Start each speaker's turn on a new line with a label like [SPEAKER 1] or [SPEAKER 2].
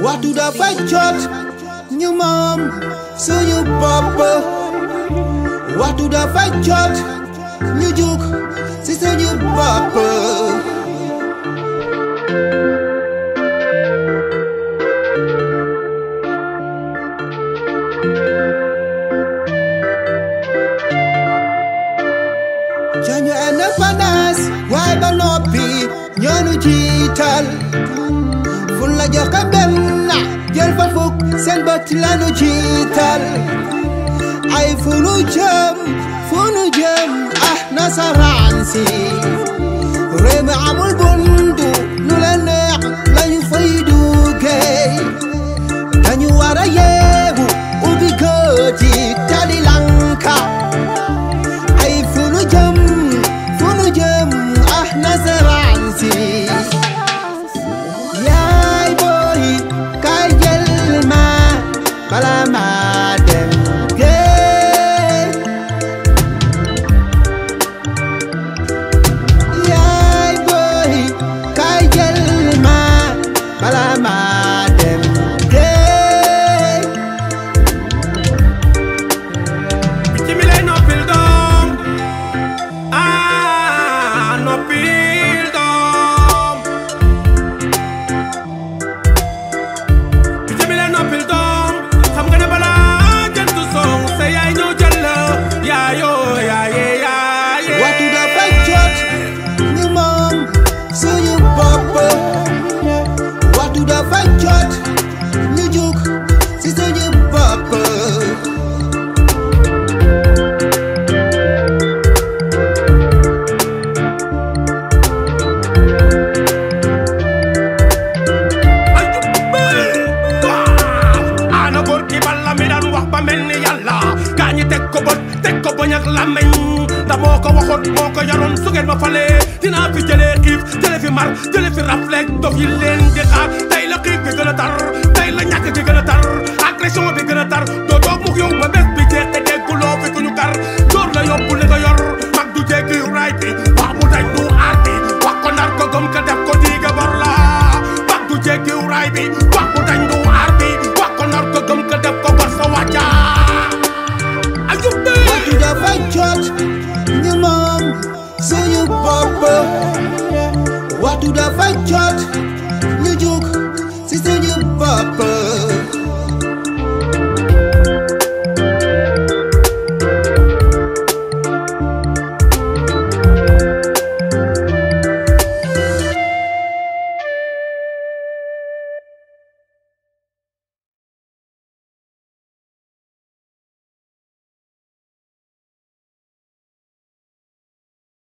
[SPEAKER 1] What do the fight church? New mom, so you papa. What do the fight church? New juke, sister you papa. fanaas way ba nopi ñonu ci tal fun la jox ka ben benn jël fa fukk seen bët la nu tal ay fulu jëm fulu jëm ah nasaraan si réew mi amul bundu nu la neex lañu fay duggee dañu wara a yee si yaay booy kaay jël ma balaa ma dem géej yaay booy kaay jël ma balaa ma
[SPEAKER 2] dem géej picc mi lay noppil doom ah noppil la làmmeñ te moo ko waxoon moo ko yaroon su ngeen ma falee dinaa fi jëlee xiif jële fi mar jële fi raflet dof yi leen di xaar tey la xiif gi gën a tar a
[SPEAKER 1] to the fight church, New York.